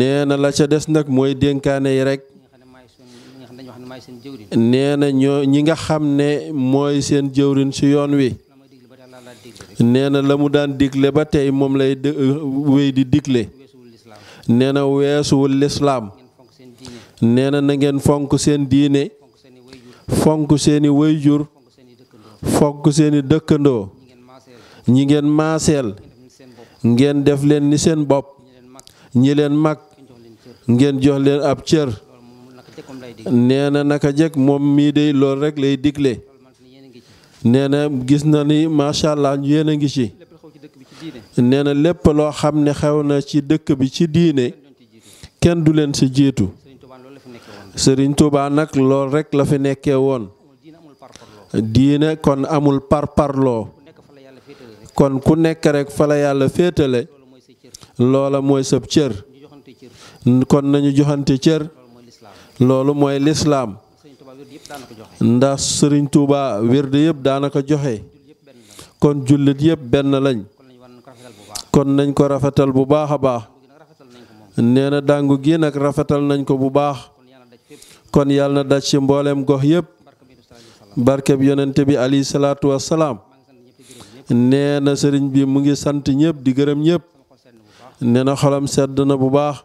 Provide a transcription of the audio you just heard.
nee na la ca des nag mooy dénkaane yi rek nee na ñoo ñi nga xam ne mooy seen jëwrin ci yoon wi nee na la mu daan digle ba tey moom lay euh, wéy di digle nee na weesuwul lislaam nee na na ngeen fonk seen diine fonk seeni wayjur fonk seeni dëkkandoo ñi ngeen maaseel ngeen def leen ni seen bopp ñi leen mag ngeen jox leen ab cër nee na naka jekk moom mii de lool rek lay digle nee na gis na ni macha allah yéen a ngi ci nee na lépp loo xam ni xew na ci dëkk bi ci diine kenn du leen si jiitu Sëriñ Tuubaa nag lool rek la fi nekkee woon diine kon amul parparloo kon ku nekk rek fa la yàlla féetale loola mooy sab cër kon nañu joxante cër loolu mooy lislaam ndax sëriñ Tuuba wérde yëpp daanaka ko joxe kon jullit yëpp benn lañ kon nañ ko rafetal bu baax a baax nee na dàngu gi nag rafetal nañ ko bu baax kon yàlla na daj ci mbooleem gox yëpp barkeb yonent bi alayhi salaatu wassalaam nee na sëriñ bi mu ngi sant ñëpp di gërëm ñëpp نينا خلام سدنا بو باخ